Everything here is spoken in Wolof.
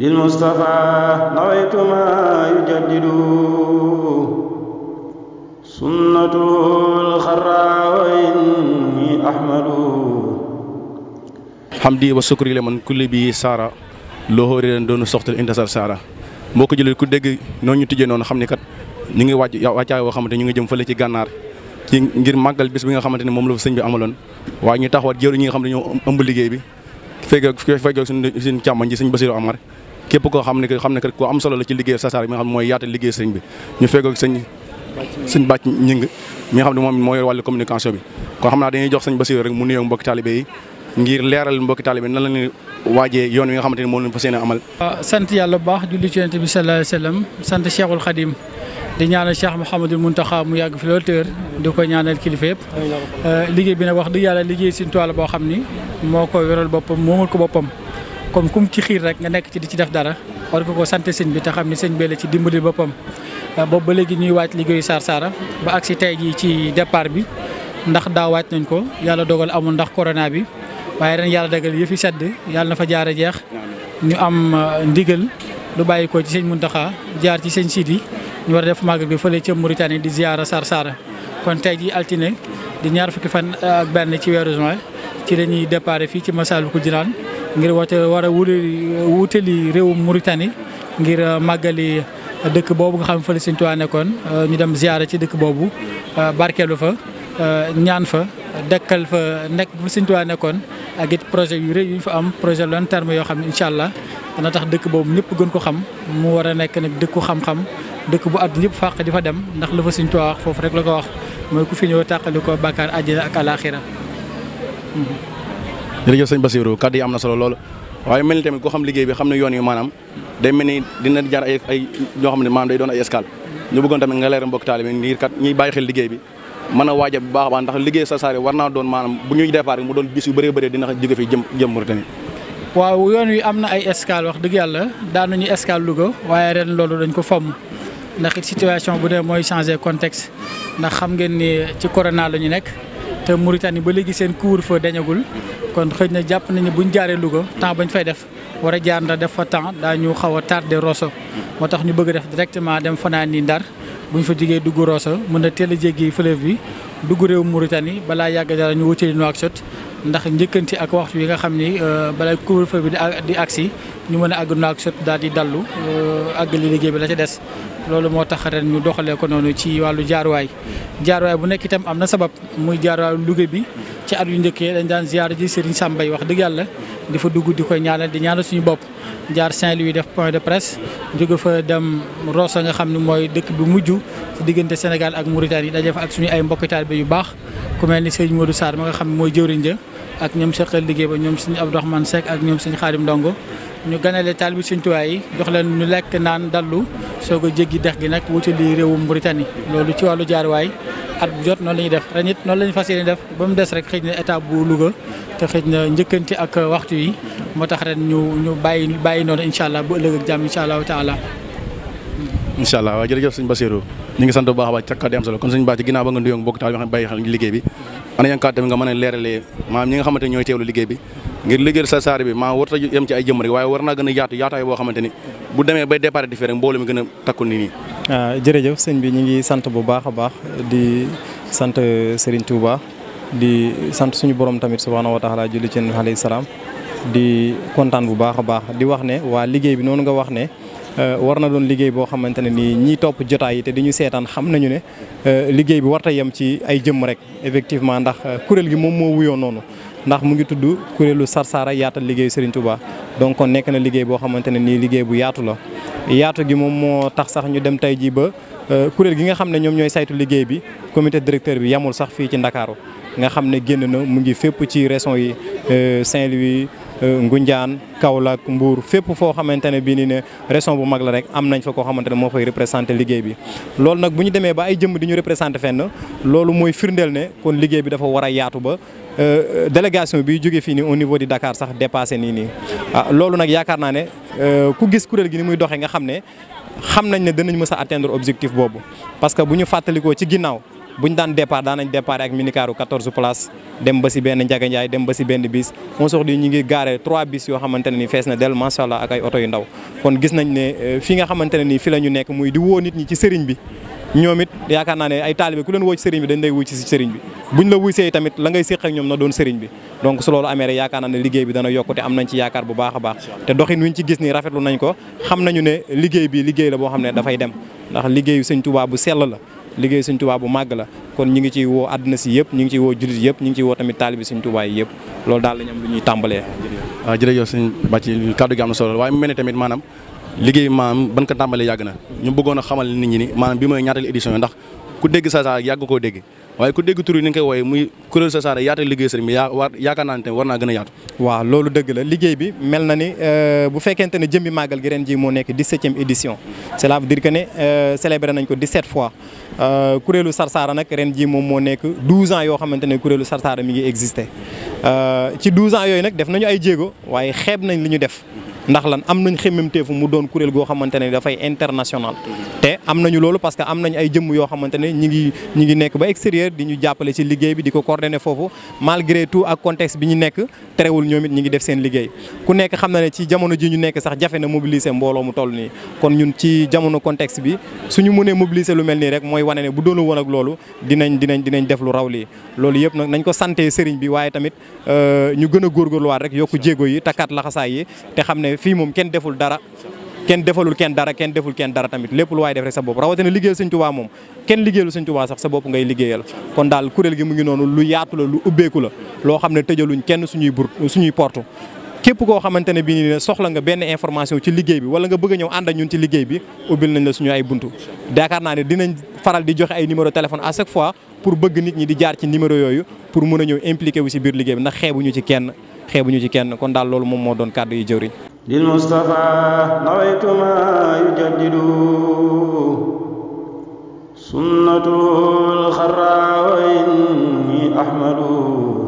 للمصطفى نويت ما يجدد سنته الخرى وإني أحمد حمدي وشكري لمن كل بي سارة loo leen doon soxtal intasar saara mboo ko jëlee ku dégg noonu ñu tijjee noonu xam ni kat ñu ngi wàcc wàccaay woo xamante ñu ngi jëm fële ci gànnaar ci ngir màggal bis bi nga xamante ne moom la fa sëñ bi amaloon waaye ñu taxawaat jëru ñi nga xam ne ñoo ëmb liggéey bi fekkee fekkee suñu suñu càmmoñ ci am Basiru képp koo xam ne que xam ne am solo la ci liggéey Sarsara bi nga xam ne mooy yaatal liggéey sëñ bi ñu fekkoog sëñ sëñ ñing mi xam ne moom mooy yor communication bi kon xam naa dañuy jox sëñ Basiru rek mu nuyoo mbokki taalibe yi ngir leeral mbokki taalibe nan la waajee yoon wi nga xamante ni moo lañ fas yéene amal. Ah, sant yàlla bu baax julli ci yonent bi sallallahu alayhi wa sallam sant Cheikhul Khadim di ñaanal Cheikh Mouhamadul Mountakha mu yàgg fi loolu tër di ko ñaanal kilifa yëpp eh, liggéey bi nag wax dëgg yàlla liggéey suñu toile boo xam ni moo ko yoral boppam moomul ko boppam comme kum ci xiir rek nga nekk ci di ci def dara war ko ko sant sëñ bi te xam ni sëñ bi la ci dimbali boppam eh, boobu ba léegi ñuy waaj liggéeyu Sar saara ba agsi tey jii ci départ bi ndax daa waaj nañ ko yàlla dogal amul ndax corona bi waaye ren yàlla dagal yëf yi sedd yàlla na fa jaare jeex ñu am uh, ndigal lu bàyyi ko ci sëñ Muntaxa jaar ci sëñ Sidi ñu war a def màggal bi fële ca Mauritanie di ziara Sar Sara kon tey ji altine di ñaar fukki fan uh, ak benn ci weeru juin ci lañuy ñuy déparé fii ci Massalikul Jinaan ngir woote war a wutali uh, wutali réewum Mauritanie ngir màggali dëkk boobu nga xam fële sëñ Tuubaa nekkoon ñu dem ziara ci dëkk boobu barkeelu fa ñaan fa dekkal fa nek bu seigne touba nekkoon ak it projet yu reuy fa am projet long terme yo xam inshallah dana tax dekk bobu ñepp gën ko xam mu wara nek nek dekk xam-xam dekk bu ñepp faq di fa dem ndax la fa seigne touba wax fofu rek la ko wax moy ku fi ñew takaliko bakkar adina ak alakhirah alaaxira. Hmm. jërëjëf seigne Basirou kaddu amna am solo lool waye melni ni tamit ko xam liggey bi xamna yoon yu manam day melni dina jaar ay ay ñoo xam day doon ay escale ñu bëggon tamit nga leer mbok ni kat ñi baye xel liggey bi mën a waaja bu baax a baax ndax liggéey Sarsara war naa doon maanam bu ñuy départ mu doon bis yu bëree bëri dina jóge fi jëm jëm Mauritanie waaw yoon wi am na ay escale wax dëgg yàlla daanuñu escale Louga waaye reen loolu dañ ko fomm ndax it situation bu dee mooy changé contexte ndax xam ngeen ni ci corona la ñu nekk te Mauritanie ba léegi seen couvre-feu dañagul kon xëy na jàpp nañu bu ñu jaaree Louga temps bañ fay def war a jaar ndax def fa temps daa ñu xaw a tardé Rosso moo tax ñu bëgg def directement dem fanaan ni Ndar bu ñu fa jigee dugg Rosso mën a teel a jéggi fleuve bi dugg réew Mauritanie balaa yàgg dara ñu wutali sot ndax njëkkanti ak waxtu yi nga xam ni euh, balaa couvre-feu bi di agsi ñu mën a àgg ak sot daal di dallu euh, àgg li liggéey bi la ca des loolu moo tax ren ñu doxalee ko noonu ci wàllu jaaruwaay jaaruwaay bu nekk itam am na sabab muy jaaruwaayu Louga bi ci at yu njëkk yi dañ daan ziar ji Serigne Sambay wax dëgg yàlla di dugg di koy ñaanal di ñaanal suñu bopp jaar Saint-Louis def point de presse jóge fa dem Rosso nga xam ne mooy dëkk bi mujj si diggante Sénégal ak Mauritanie daje fa ak suñu ay mbokki taalibe yu baax ku mel ni Serigne Modou Sarr ma nga xam ne mooy jëwriñ ja ak ñoom seqal liggéey ba ñoom suñu Abdourahmane Seck ak ñoom suñu Xaadim Ndongo ñu ganale taal bi suñ tuwaay yi jox leen ñu lekk naan dallu soog jéggi dex gi nag wutali réewum Mauritanie loolu ci wàllu jaarwaay at jot noonu la def ren it noonu la ñu fas def ba mu des rek xëj na étape bu luga te xëj na njëkkanti ak waxtu yi moo tax ren ñu ñu bàyyi bàyyi noonu incha allah bu ëllëg ak jàmm incha allahu taala. incha allah waaw jërëjëf sëñ Bassirou ñu ngi sant bu baax a baax ca kàddu am solo kon sëñ Bass ci ginnaaw ba nga nuyoo bokk taal bi xam bàyyi liggéey bi ana yankaat tamit nga mën a leeralee maanaam ñi nga xamante ne ñooy teewlu liggéey bi ngir liggéeyal sa saar bi maa warta yem ci ay jëm rek waaye war naa gën a yaatu yaataay boo xamante ni bu demee bay départ di fi rek mbooloo mi gën a takku ni nii ah, jërëjëf sëñ bi ñu ngi sant bu baax a baax di sant Serigne baax di sant suñu borom tamit subhaanahu wa taala julli ci alayhi salaam di kontaan bu baax a baax di wax ne waa liggéey bi noonu nga wax ne eh, war na doon liggéey boo xamante ne nii ñiy topp jotaay yi te di ñu seetaan xam nañu ne eh, liggéey bi warta yem ci ay jëmm rek effectivement ndax eh, kuréel gi moom moo wuyoo noonu ndax mu ngi tudd kuréelu Sarsara yaatal liggéey Serigne Touba donc kon nekk na liggéey boo xamante ne nii liggéey bu yaatu la yaatu gi moom moo tax sax ñu dem tey jii ba euh, kuréel gi nga xam ne ñoom ñooy saytu liggéey bi comité directeur bi yamul sax fii ci Ndakaaru nga xam ne génn na mu ngi fépp ci région yi euh, Saint-Louis Euh, Ngunjaan Kaolack mbuur fépp foo xamante ne bii nii ne région bu mag la rek am nañ fa koo xamante ne moo fay représenté liggéey bi loolu nag bu ñu demee ba ay jëmm di ñu représenté fenn loolu mooy firndeel ne kon liggéey bi dafa war a yaatu ba euh, délégation bi jóge fii nii au niveau di Dakar sax dépassé nii nii ah, loolu nag yaakaar naa ne euh, ku gis kuréel gi ni muy doxee nga xam ne xam nañ ne danañ mës a atteindre objectif boobu parce que bu ñu fàttalikoo ci ginnaaw buñ daan départ daan nañ départ ak minikaaru 14 places dem ba si benn njaganjaay dem ba si benn bis on sox ñu ngi gaare trois bis yoo xamante ne nii fees na del macha allah ak ay oto yu ndaw kon gis nañ ne euh, fi nga xamante ne nii fi la ñu nekk muy di woo nit ñi ci sëriñ bi ñoom it yaakaar naa ne ay taalibe ku leen woo ci sëriñ bi dañ lay wuy ci sëriñ bi buñ la wuy see tamit la ngay séq ak ñoom na doon sëriñ bi donc su loolu amee rek yaakaar naa ne liggéey bi dana yokku te am nañ ci yaakaar bu baax a baax te doxin ko xam nañu ne liggéey bi liggéey la boo xam ne dafay dem ndax liggéeyu sëñ Tuubaa bu sell la liggéey sëñ Tuubaa bu màgg la kon ñi ngi ciy woo àddina si yëpp ñi ngi ciy woo jullit yëpp ñi ngi ciy woo tamit taalibi sëñ Tuubaa yi loolu daal lañu am lu ñuy tàmbalee waaw ah, jërëjëf sëñ Bàcc kàddu gi na solo waaye mu mel ne tamit maanaam liggéey maanaam ban ko tàmbalee yàgg na ñu bëggoon a xamal nit ñi ni maanaam bi mooy ñaatal édition ndax ku dégg Sarsara yàgg koo dégg waaye ku dégg tur yi ni nga wooye muy kuréel Sarsara yaatal liggéey sëriñ bi yaa war yaakaar naa ne tamit war naa gën a yaatu waaw loolu dëgg la liggéey bi mel na ni euh, bu fekkente ne jëmbi màggal gi ren ji moo nekk 17e édition cela veut dire que ne euh, célébré nañ ko 17 fois euh, kuréelu Sarsara nag ren ji moom moo nekk 12 ans yoo xamante ne kuréelu Sarsara mi ngi existé ci 12 ans yooyu nag def nañu ay jéego waaye xeeb nañ li ñu def ndax lan am nañ xemmemteefu mu doon kuréel goo xamante ne dafay international te am nañu loolu parce que am nañu ay jëmm yoo xamante ne ñi ngi ñi ngi nekk ba extérieur di ñu jàppale ci liggéey bi di ko coordonné foofu malgré tout ak contexte bi ñu nekk terewul ñoom it ñi ngi def seen liggéey ku nekk xam na ne ci jamono ji ñu nekk sax jafe na mobiliser mbooloo mu toll nii kon ñun ci jamono contexte bi suñu mënee mobiliser lu mel nii rek mooy wane ne bu doonu woon ak loolu dinañ dinañ dinañ def lu raw lii loolu yëpp nag nañ ko sante sëriñ bi waaye tamit euh, ñu gën a góorgóorluwaat rek yokku jéego yi takkaat laxasaay yi te mais fii moom kenn deful dara kenn defalul kenn dara kenn deful kenn dara tamit lépp lu waay def rek sa bopp rawatina liggéeyal Sëñ Tuubaa moom kenn liggéeyalu Sëñ Tuubaa sax sa bopp ngay liggéeyal kon daal kuréel gi mu ngi noonu lu yaatu la lu ubbeeku la loo xam ne tëjaluñ kenn suñuy bur suñuy porte képp koo xamante ne bi ni ne soxla nga benn information ci liggéey bi wala nga bëgg a ñëw ànd a ñun ci liggéey bi ubbil nañ la suñu ay buntu yaakaar naa ne dinañ faral di joxe ay numéro téléphone à chaque fois pour bëgg nit ñi di ci numéro yooyu pour mën a ñëw impliqué wu biir liggéey bi ndax ci kenn xeebuñu ci kenn kon daal loolu moom moo doon kàddu yi للمصطفى نويت ما يجدد سنته الخرى وإني أحمد